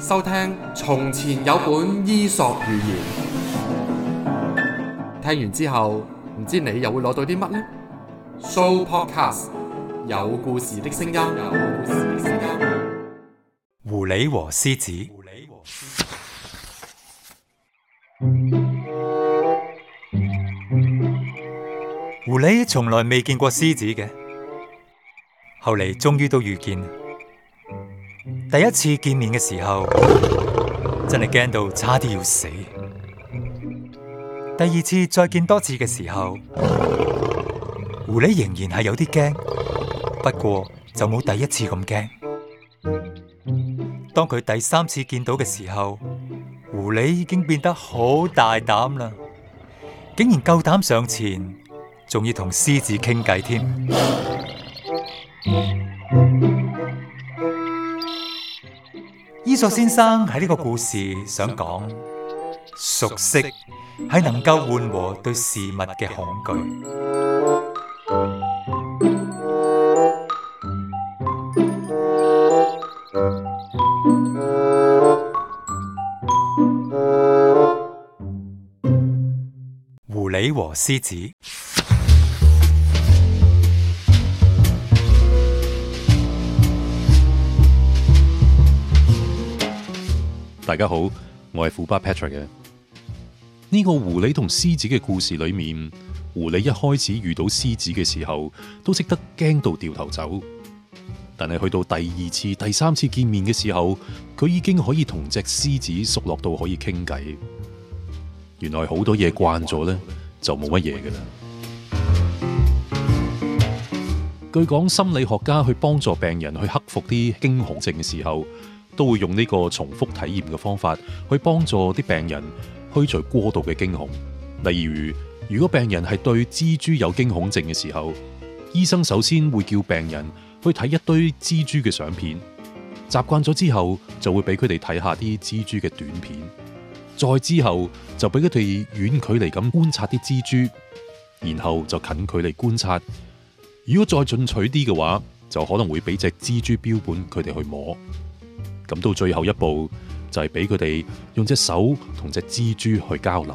收聽從前有本伊索寓言，聽完之後唔知，你又會攞到啲乜呢？Sooopodcast，有故事的聲音，有故事的聲音。狐狸和獅子。狐狸從來未見過獅子嘅，後嚟終於都遇見。第一次見面嘅時候，真係驚到差啲要死。第二次再見多次嘅時候，狐狸仍然係有啲驚，不過就冇第一次咁驚。當佢第三次見到嘅時候，狐狸已經變得好大膽啦，竟然夠膽上前，仲要同獅子傾偈添。索先生喺呢個故事想講，熟悉係能夠緩和對事物嘅恐懼。狐狸和獅子。大家好，我係富爸 Patrick 嘅。呢、這個狐狸同獅子嘅故事裏面，狐狸一開始遇到獅子嘅時候，都識得驚到掉頭走。但係去到第二次、第三次見面嘅時候，佢已經可以同隻獅子熟落到可以傾偈。原來好多嘢慣咗呢，就冇乜嘢㗎喇。據講，心理學家去幫助病人去克服啲驚恐症嘅時候。都會用呢個重複體驗嘅方法去幫助啲病人去除過度嘅驚恐。例如，如果病人係對蜘蛛有驚恐症嘅時候，醫生首先會叫病人去睇一堆蜘蛛嘅相片。習慣咗之後，就會俾佢哋睇下啲蜘蛛嘅短片。再之後就俾佢哋遠距離咁觀察啲蜘蛛，然後就近距離觀察。如果再進取啲嘅話，就可能會俾隻蜘蛛標本佢哋去摸。咁到最後一步就係俾佢哋用隻手同隻蜘蛛去交流，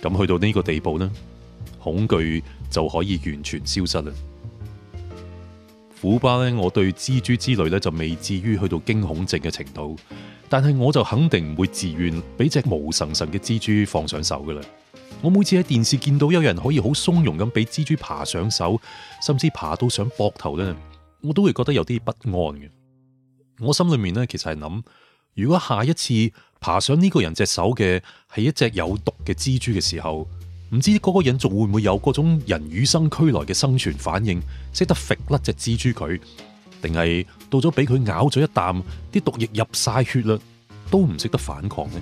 咁去到呢個地步呢，恐懼就可以完全消失啦。虎巴呢，我對蜘蛛之類呢，就未至於去到驚恐症嘅程度，但係我就肯定唔會自願俾隻毛神神嘅蜘蛛放上手噶啦。我每次喺電視見到有人可以好從容咁俾蜘蛛爬上手，甚至爬到上膊頭呢，我都會覺得有啲不安嘅。我心裏面咧，其實係諗，如果下一次爬上呢個人隻手嘅係一隻有毒嘅蜘蛛嘅時候，唔知嗰個人仲會唔會有嗰種人與生俱來嘅生存反應，識得揈甩隻蜘蛛佢，定係到咗俾佢咬咗一啖，啲毒液入晒血嘞，都唔識得反抗呢？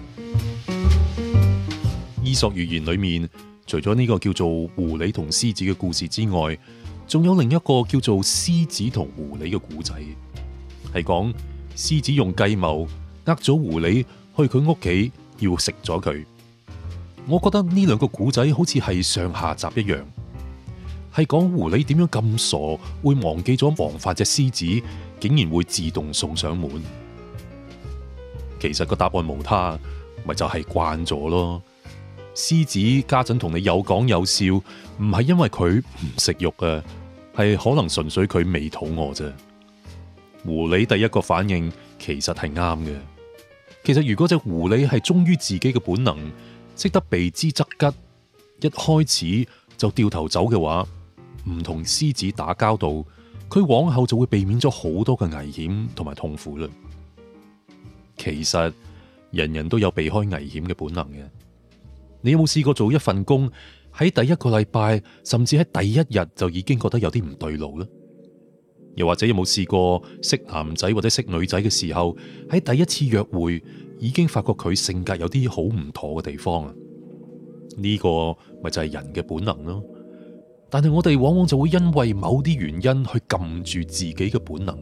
伊索寓言裏面，除咗呢個叫做狐狸同獅子嘅故事之外，仲有另一個叫做獅子同狐狸嘅故仔。係講獅子用計謀呃咗狐狸去佢屋企要食咗佢。我覺得呢兩個古仔好似係上下集一樣，係講狐狸點樣咁傻會忘記咗王法隻獅子，竟然會自動送上門。其實個答案無他，咪就係慣咗咯。獅子家陣同你有講有笑，唔係因為佢唔食肉呀，係可能純粹佢未肚餓啫。狐狸第一個反應其實係啱嘅。其實如果隻狐狸係忠於自己嘅本能，識得避之則吉，一開始就掉頭走嘅話，唔同獅子打交道，佢往後就會避免咗好多嘅危險同埋痛苦啦。其實人人都有避開危險嘅本能嘅。你有冇試過做一份工，喺第一個禮拜，甚至喺第一日就已經覺得有啲唔對路呢？又或者有冇試過識男仔或者識女仔嘅時候，喺第一次約會已經發覺佢性格有啲好唔妥嘅地方啊？呢個咪就係人嘅本能咯。但係我哋往往就會因為某啲原因去撳住自己嘅本能，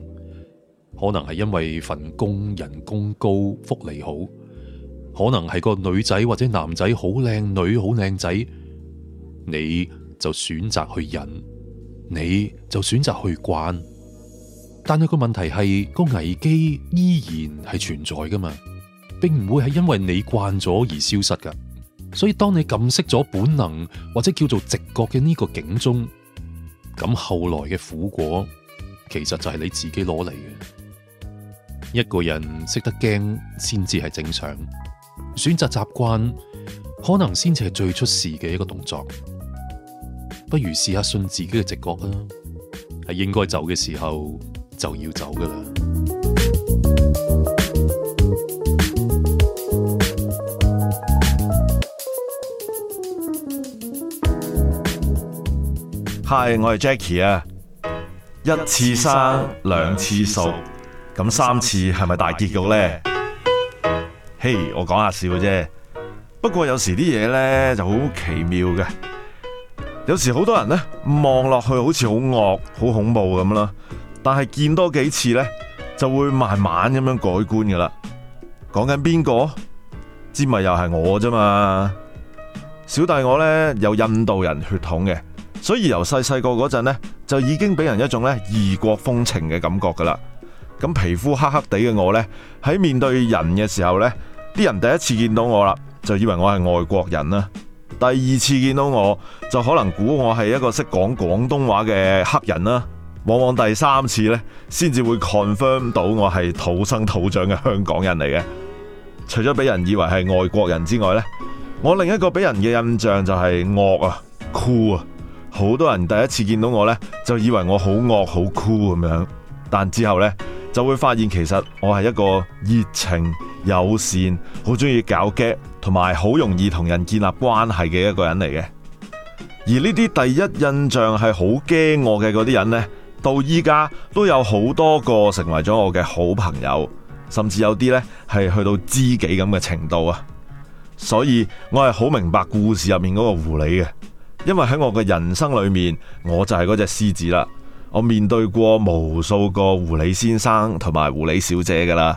可能係因為份工人工高福利好，可能係個女仔或者男仔好靚女好靚仔，你就選擇去忍，你就選擇去慣。但係個問題係，個危機依然係存在噶嘛，並唔會係因為你慣咗而消失噶。所以當你撳熄咗本能或者叫做直覺嘅呢個警鐘，咁後來嘅苦果，其實就係你自己攞嚟嘅。一個人識得驚，先至係正常。選擇習慣，可能先至係最出事嘅一個動作。不如試下信自己嘅直覺啦，係應該走嘅時候就要走噶啦！嗨，Hi, 我係 Jacky 啊！一次生，兩次熟，咁三次係咪大結局咧？嘿，hey，我講下笑啫。不過有時啲嘢咧就好奇妙嘅，有時好多人咧望落去好似好惡、好恐怖咁啦。但係見多幾次呢，就會慢慢咁樣改觀噶啦。講緊邊個？知咪又係我啫嘛。小弟我呢，有印度人血統嘅，所以由細細個嗰陣呢，就已經俾人一種呢異國風情嘅感覺噶啦。咁皮膚黑黑地嘅我呢，喺面對人嘅時候呢，啲人第一次見到我啦，就以為我係外國人啦。第二次見到我就可能估我係一個識講廣東話嘅黑人啦。往往第三次呢，先至會 confirm 到我係土生土長嘅香港人嚟嘅。除咗俾人以為係外國人之外呢，我另一個俾人嘅印象就係惡啊、酷啊。好多人第一次見到我呢，就以為我好惡、好酷咁樣。但之後呢，就會發現其實我係一個熱情、友善、好中意搞 gag 同埋好容易同人建立關係嘅一個人嚟嘅。而呢啲第一印象係好驚我嘅嗰啲人呢。到依家都有好多個成為咗我嘅好朋友，甚至有啲呢係去到知己咁嘅程度啊！所以我係好明白故事入面嗰個狐狸嘅，因為喺我嘅人生裏面，我就係嗰隻獅子啦。我面對過無數個狐狸先生同埋狐狸小姐噶啦。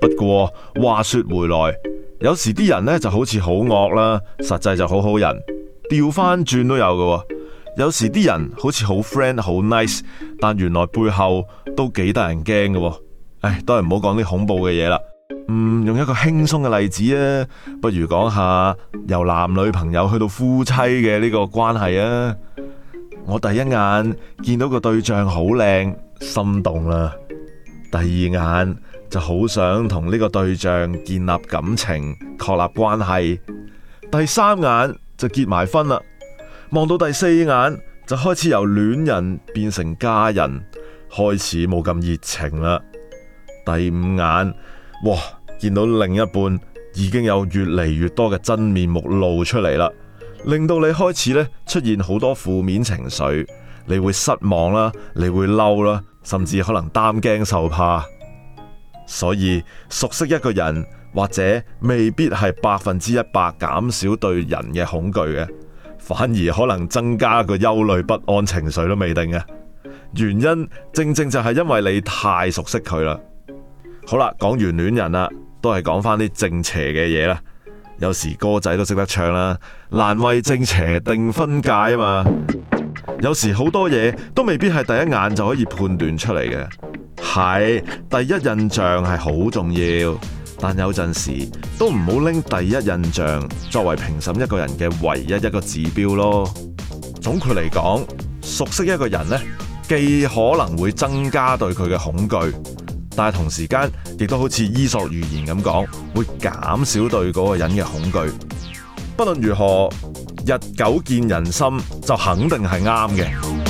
不過話說回來，有時啲人呢就好似好惡啦，實際就好好人，調翻轉都有嘅。有時啲人好似好 friend、好 nice，但原來背後都幾得人驚㗎。唉，都係唔好講啲恐怖嘅嘢啦。嗯，用一個輕鬆嘅例子啊，不如講下由男女朋友去到夫妻嘅呢個關係啊。我第一眼見到個對象好靚，心動啦。第二眼就好想同呢個對象建立感情、確立關係。第三眼就結埋婚啦。望到第四眼就開始由戀人變成家人，開始冇咁熱情啦。第五眼，哇，見到另一半已經有越嚟越多嘅真面目露出嚟啦，令到你開始咧出現好多負面情緒，你會失望啦，你會嬲啦，甚至可能擔驚受怕。所以熟悉一個人或者未必係百分之一百減少對人嘅恐懼嘅。反而可能增加個憂慮不安情緒都未定嘅。原因，正正就係因為你太熟悉佢啦。好啦，講完戀人啦，都係講翻啲正邪嘅嘢啦。有時歌仔都識得唱啦，難為正邪定分界啊嘛。有時好多嘢都未必係第一眼就可以判斷出嚟嘅。係，第一印象係好重要。但有陣時都唔好拎第一印象作為評審一個人嘅唯一一個指標咯。總括嚟講，熟悉一個人咧，既可能會增加對佢嘅恐懼，但係同時間亦都好似伊索寓言咁講，會減少對嗰個人嘅恐懼。不論如何，日久見人心，就肯定係啱嘅。